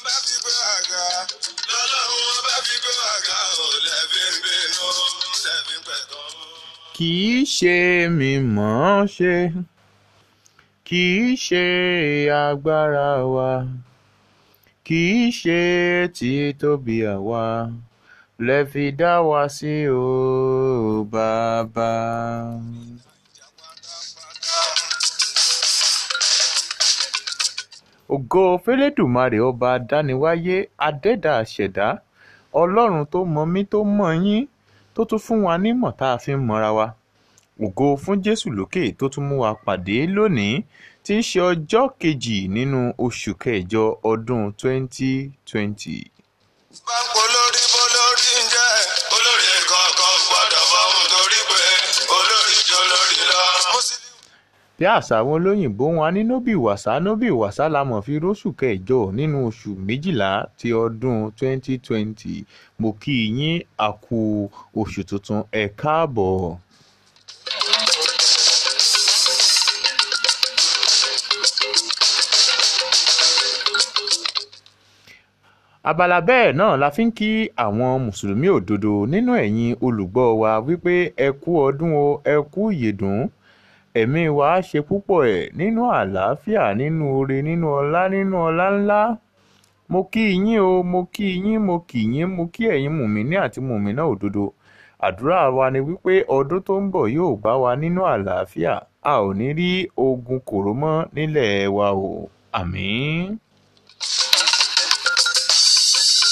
wọn kì í ṣe mi mọ̀ ọ́n ṣe kì í ṣe agbára wa kì í ṣe títóbi àwa lẹ fi dá wa sí o bàbá. ògo fẹlẹ́dùmarè ọba adániwáyé adẹ́dàá àṣẹ̀dá ọlọ́run tó mọ mí tó mọ yín tó tún fún wa nímọ̀ tá a fi ń mọra wa ògo fún jésù lókè tó tún mú wa pàdé lónìí tí í ṣe ọjọ́ kejì nínú oṣù kẹjọ ọdún 2020. Díaz àwọn olóyìnbó Iván Wasa Noble Wasa la mọ̀ sí Rósù Kẹjọ nínú oṣù Méjìlá ti ọdún 2020. Mo kí i yín a kú oṣù tuntun Ẹ káàbọ̀! Abala bẹ́ẹ̀ náà la fi ń kí àwọn Mùsùlùmí òdodo nínú ẹ̀yin olùgbọ́ wa wípé ẹ kú ọdún o, ẹ kú ìyèdún. Ẹ̀mí wa á ṣe púpọ̀ ẹ̀ nínú àlàáfíà nínú oore nínú ọlá nínú ọlá ńlá. Mo kí i yín o, mo kí i yín, mo kí yín, mo kí ẹ̀yin mùmínì àti mùmínà òdodo. Àdúrà wa ni wípé ọdún tó ń bọ̀ yóò bá wa nínú àlàáfíà. A ò ní rí ogun kòró mọ́ nílẹ̀ wa o. Àmín.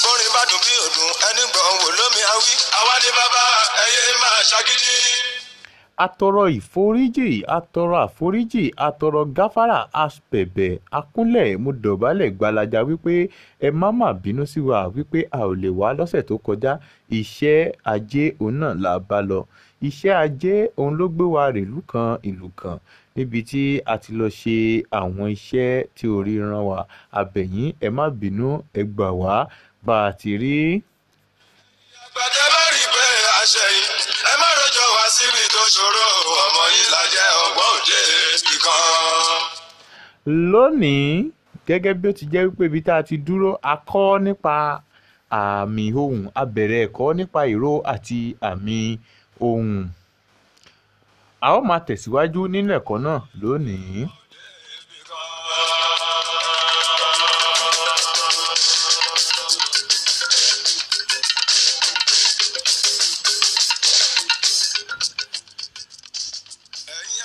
Bórin bá dùn bí òdùn, ẹni gbọ̀n wò lómi awí. Àwa ni bàbá, ẹyẹ máa ṣagídí a tọrọ ìforíjì àtọrọ àforíjì àtọrọ gáfárà á bẹ̀bẹ̀ á kúnlẹ̀ mo dọ̀bálẹ̀ gbalaja wípé ẹ má má bínú sí wa wípé a ò lè wá lọ́sẹ̀ tó kọjá iṣẹ́ ajé òun náà là bá lọ iṣẹ́ ajé òun ló gbé wa rèlú kan ìlú kan níbi tí a ti lọ ṣe àwọn iṣẹ́ tí orí rán wa àbẹ̀yìn ẹ má bínú ẹ gbà wá bá a ti rí ṣòro ọmọ yìí lajẹ́ ọgbọ́n òde kíkan. lónìí gẹ́gẹ́ bí ó ti jẹ́ wípé ibi tá a ti dúró a kọ́ nípa àmì ohùn a bẹ̀rẹ̀ ẹ̀kọ́ nípa ìró àti àmì ohùn a ó máa tẹ̀síwájú nínú ẹ̀kọ́ náà lónìí.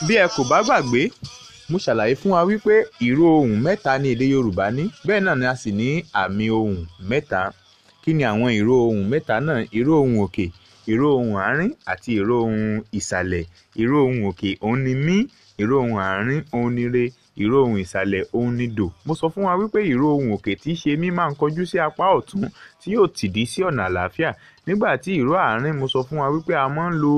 bí ẹ kò bá gbàgbé mo ṣàlàyé fún wa wípé ìró ohùn mẹ́ta ní èdè yorùbá ní bẹ́ẹ̀ náà ni a sì ní àmì ohùn mẹ́ta kí ni àwọn ìró ohùn mẹ́ta náà ìró ohùn òkè ìró ohùn àárín àti ìró ohùn ìsàlẹ̀ ìró ohùn òkè òun ni mí ìró ohùn àárín òun ni re ìró ohùn ìsàlẹ̀ òun ni dó. Mo sọ fún wa wípé ìró ohùn òkè tí í ṣe mí máa ń kọjú sí apá ọ̀tún tí yóò tìdí sí ọ̀nà àlàáfíà. Nígbà tí ìró àárín mo sọ fún wa wípé a máa ń lo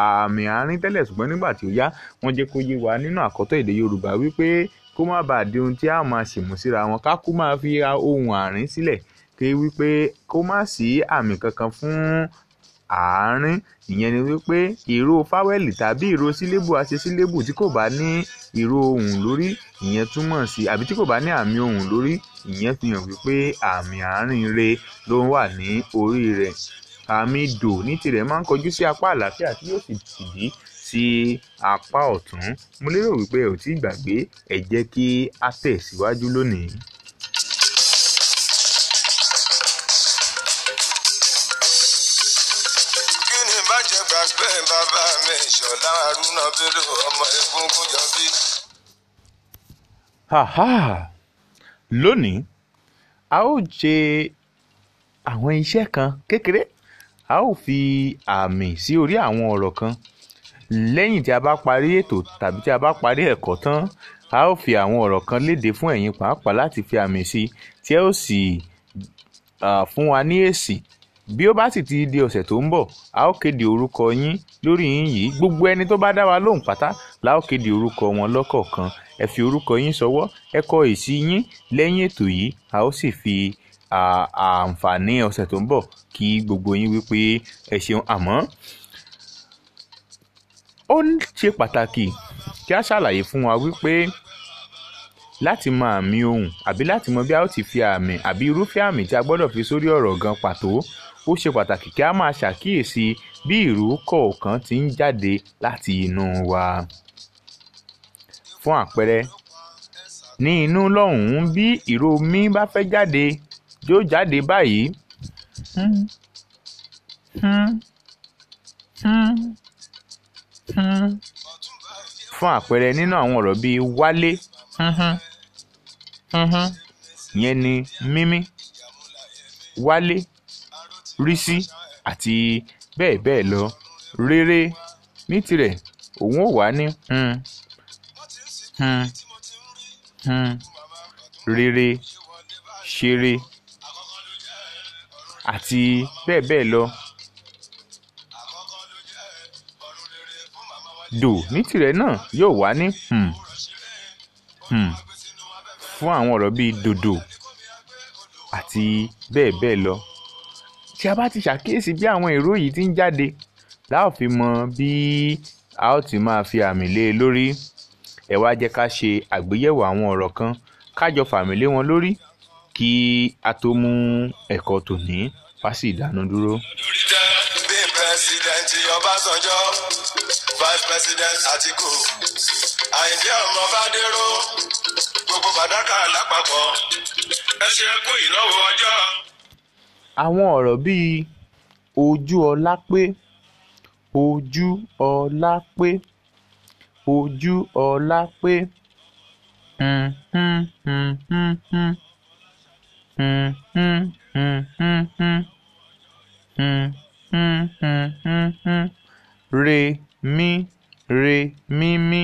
àmì àárín tẹ́lẹ̀ ṣùgbọ́n nígbà tí ó yá, wọ́n jẹ́ kó yé wa nínú àkọ́tọ̀ èdè Yorùbá wípé kó má baà di ohun tí a máa ṣìmú síra wọn ká kú máa fi ohùn àárín sílẹ̀ kí wípé kó má sí àmì kankan fún àárín ìyẹn ni wípé ìró fáwẹ́lì tàbí ìró sílébù àṣẹ sílébù tí kò bá ní ìró ohùn lórí ìyẹn túmọ̀ sí àbí tí kò bá ní àmì ohùn lórí ìyẹn fi hàn wípé àmì àárín re ló wà ní orí rẹ̀ àmì dò ní tirẹ̀ máa ń kọjú sí apá àlàáfíà tí yóò sì tìdí sí apá ọ̀tún mo lérò wípé ò tí gbàgbé ẹ jẹ́ kí a tẹ̀síwájú lónìí Haha, ọmọ egungun jàbí. Aha! Lónìí, a ó ṣe àwọn iṣẹ́ kan kékeré. A ó fi àmì sí orí àwọn ọ̀rọ̀ kan. Lẹ́yìn tí a bá parí ètò tàbí tí a bá parí ẹ̀kọ́ tán, a ó fi àwọn ọ̀rọ̀ kan léde fún ẹ̀yin pàápàá láti fi àmì sí tí ẹ ó sì fún wa ní èsì bí ó bá sì ti di ọ̀sẹ̀ tó ń bọ̀ a ó kéde orúkọ yín lórí yín yìí gbogbo ẹni tó bá dá wa lóhùn pátá la ó kéde orúkọ wọn lọ́kọ̀ọ̀kan ẹ fi orúkọ yín ṣọwọ́ ẹ kọ èsì yín lẹ́yìn ètò yìí a ó sì fi àǹfààní ọ̀sẹ̀ tó ń bọ̀ kí gbogbo yín wípé ẹ ṣeun àmọ́ ó ṣe pàtàkì kí a ṣàlàyé fún wa wípé láti mọ àmì ohùn àbí láti mọ bí a ó ti fi àmì àbí irúfẹ́ àmì tí a gbọ́dọ̀ fi sórí ọ̀rọ̀ gan pàtó ó ṣe pàtàkì kí a máa ṣàkíyèsí bí ìrú kọ̀ọ̀kan ti ń jáde láti inú wa. fún àpẹẹrẹ ní inú lọ́hùn-ún bí ìró mi bá fẹ́ jáde yóò jáde báyìí. Hmm. Hmm. Hmm. Hmm. fún àpẹẹrẹ nínú àwọn ọ̀rọ̀ bíi wálé ìyẹn ni mímí wálé rí sí àti bẹ́ẹ̀ bẹ́ẹ̀ lọ rere ní tirẹ̀ òun ò wá ní um um um rere ṣeré àti bẹ́ẹ̀ bẹ́ẹ̀ lọ dò ní tirẹ̀ náà yóò wá ní fún àwọn ọ̀rọ̀ bíi dòdò àti bẹ́ẹ̀ bẹ́ẹ̀ lọ tí a bá ti ṣàkíyèsí bí àwọn ìró yìí ti ń jáde la ó fi mọ bí a ó ti máa fi àmì lé e lórí ẹ wá jẹ́ ká ṣe àgbéyẹ̀wò àwọn ọ̀rọ̀ kan ká fàmì lé wọn lórí kí a tó mú ẹ̀kọ́ tòní wá sí ìdánudúró. bí ọmọ bá dérò gbogbo Fàdákà lápapọ̀ ẹ ṣe kú ìnáwó ọjọ́. Àwọn ọ̀rọ̀ bíi "ojú ọlá pé", "ojú ọlá pé", "ojú ọlá pé", "hùn-ún-hùn-ún-hùn", "hùn-ún-hùn-ún-hùn", "hùn-ún-hùn-ún-hùn", hùn re "re-mí-mí",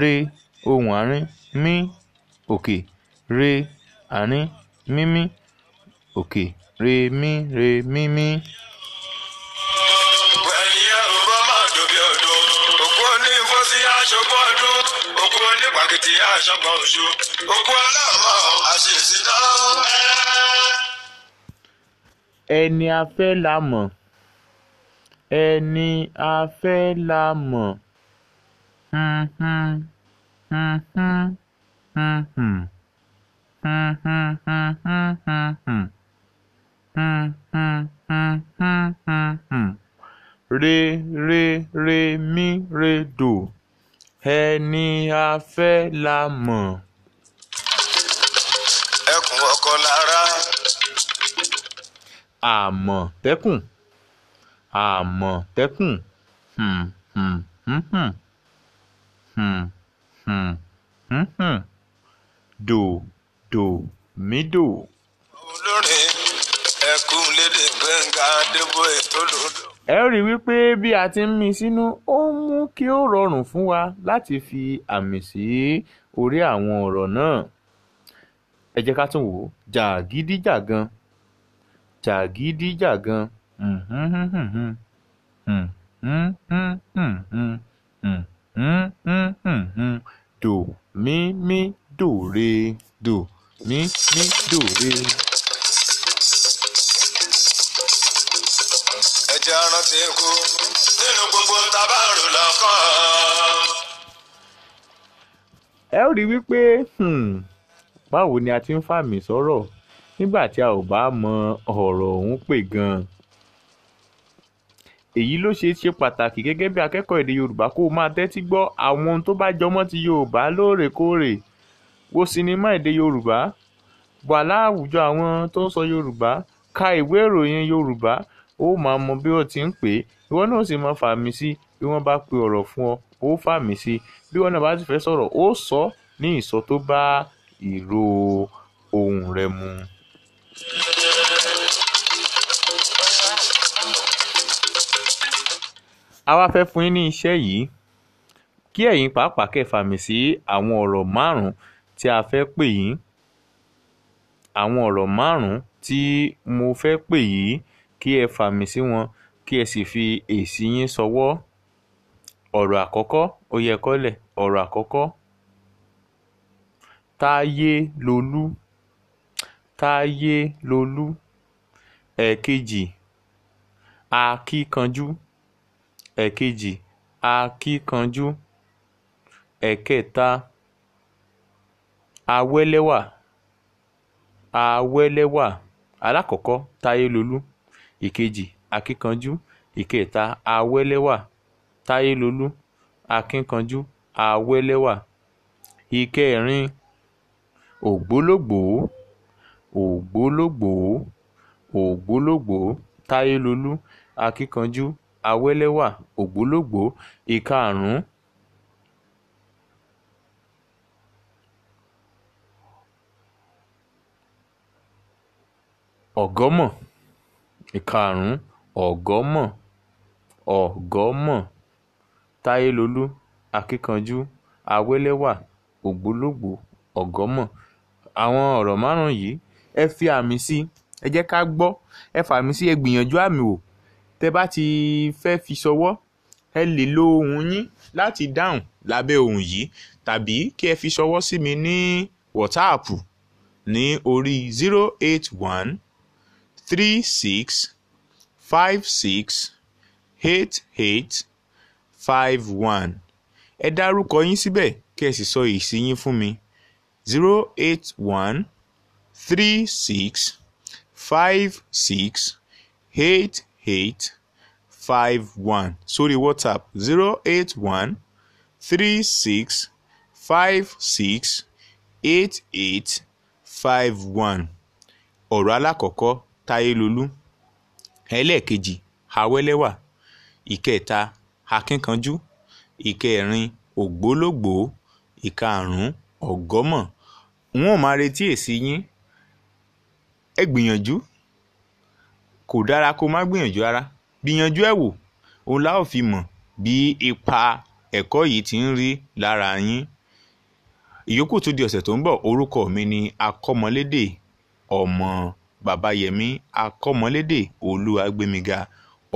"re" (ohùn àárín, "mí" òkè, "re" àárín, "mí" mí òkè re mi re mi mi. ẹ̀yin ẹ̀rù bá máa dòbí ọdún òkú oní ìfọ́sí aṣọ́gbọ́n ọdún òkú oní pàkìtì aṣọ́gbọ́n oṣù òkú aláàmọ́ àṣìṣe náà. ẹni a fẹ́ la mọ̀ ẹni a fẹ́ la mọ̀. hmm hmm hmm hmm hmm hmm hmm hmm hmm hmm Hmm, hmm, hmm, re re re mi mí redò ẹni a fẹ́ la mọ̀. ẹkùn ọkọ lára. àmọ̀tẹ́kùn àmọ̀tẹ́kùn Do do mi do ẹkún lédè gbẹ̀ngà Adébóyè tó lòdò. ẹ rí i wípé bí a ti ń mí sínú ó ń mú kí ó rọrùn fún wa láti fi àmì sí orí àwọn ọ̀rọ̀ náà ẹ jẹ́ ká tún wò ó jàgídíjàgan jàgídíjàgan dò mí mí dò re dò mí mí dò re. ti kú nínú gbogbo ń tabá rò lọ́kàn. ẹ ó rí wípé hmm, báwo ni a ti ń fàmì sọ̀rọ̀ nígbà tí a ò bá mọ ọ̀rọ̀ ọ̀hún pè gan-an èyí ló ṣe ṣe pàtàkì gẹ́gẹ́ bí akẹ́kọ̀ọ́ èdè yorùbá kó o máa tẹ́tí gbọ́ àwọn ohun tó bá jọmọ́ ti yorùbá lóòrèkóòrè wo sinimá èdè yorùbá wà láwùjọ àwọn tó ń sọ yorùbá ka ìwé ìròyìn yorùbá ó máa mọ bí wọ́n ti ń pè é, ìwọ náà sì máa fàmì sí. Bí wọ́n bá pe ọ̀rọ̀ fún ọ, ó fàmì sí. Bí iwọ́ náà bá sì fẹ́ sọ̀rọ̀, ó sọ ọ́ ní ìsọ tó bá ìró ohùn rẹ mu. A wá fẹ́ fún yín ní iṣẹ́ yìí kí ẹ̀yin pàápàá kẹ́ fàmì sí àwọn ọ̀rọ̀ márùn-ún tí a fẹ́ pè yín. Àwọn ọ̀rọ̀ márùn-ún tí mo fẹ́ pè yín kí ẹ fàmì sí wọn kí ẹ sì fi èsì yín ṣọwọ́ ọ̀rọ̀ àkọ́kọ́ oyèkọ́lẹ̀ ọ̀rọ̀ àkọ́kọ́ táyélolú táyélolú ẹ̀ẹ̀kejì akíkanjú ẹ̀ẹ̀kejì akíkanjú ẹ̀ẹ̀kẹta awẹ́lẹ́wà awẹ́lẹ́wà alákọ̀ọ́kọ́ táyélolú ìkejì akínkanjú ìkẹta àwẹ́lẹ́wà táyélolú akínkanjú àwẹ́lẹ́wà ìkẹrin ògbólógbòó ògbólógbòó ògbólógbòó táyélolú akínkanjú àwẹ́lẹ́wà ògbólógbòó ìkarùn-ún ọ̀gọ́mọ̀ ìkarùn-ún ọ̀gọ́mọ̀ ògbómọ táyélọ́lù akínkanjú àwẹ̀lẹ́wà ògbólógbòó ọ̀gọ́mọ̀ àwọn ọ̀rọ̀ márùn-ún yìí ẹ fi àmì sí ẹ jẹ́ ká gbọ́ ẹ fàmì sí ẹ gbìyànjú àmì wò tẹ bá ti fẹ́ fi ṣọwọ́ ẹ lè lo ohùn yín láti dáhùn lábẹ́ ohùn yìí tàbí kí ẹ fi ṣọwọ́ sí mi ní wọ́táàpù ní orí zero eight one three six five six eight eight five one ẹ dárúkọ yín síbẹ̀ kí ẹ sì sọ èsì yín fún mi zero eight one three six five six eight eight five one sórí whatsapp zero eight one three six five six eight eight five one ọ̀rọ̀ alákọ̀ọ́kọ́ táyélolú ẹlẹ́ẹ̀kejì àwẹ́lẹ́wà ìkẹta akínkanjú ìkẹrin ògbólógbòó ìkarùn-ún ọ̀gọ́mọ̀ n ó máa retí èsì yín ẹ gbìyànjú kò dára kó má gbìyànjú rárá gbìyànjú ẹ wò òun la ó fi mọ̀ bí ipa ẹ̀kọ́ yìí ti ń rí lára yín ìyókù tó di ọ̀sẹ̀ tó ń bọ̀ orúkọ mi ni akọ́mọlédè ọmọ babayẹmi akọ́mọlédè olúwàgbẹ̀míga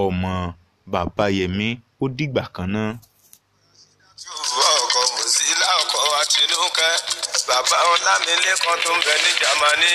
ọmọ babayẹmi ó dìgbà kan náà. yorùbá ọkọ̀ mùsílà ọkọ̀ àtinúkẹ́ bàbá ọlámilékan tó ń bẹ ní jámánì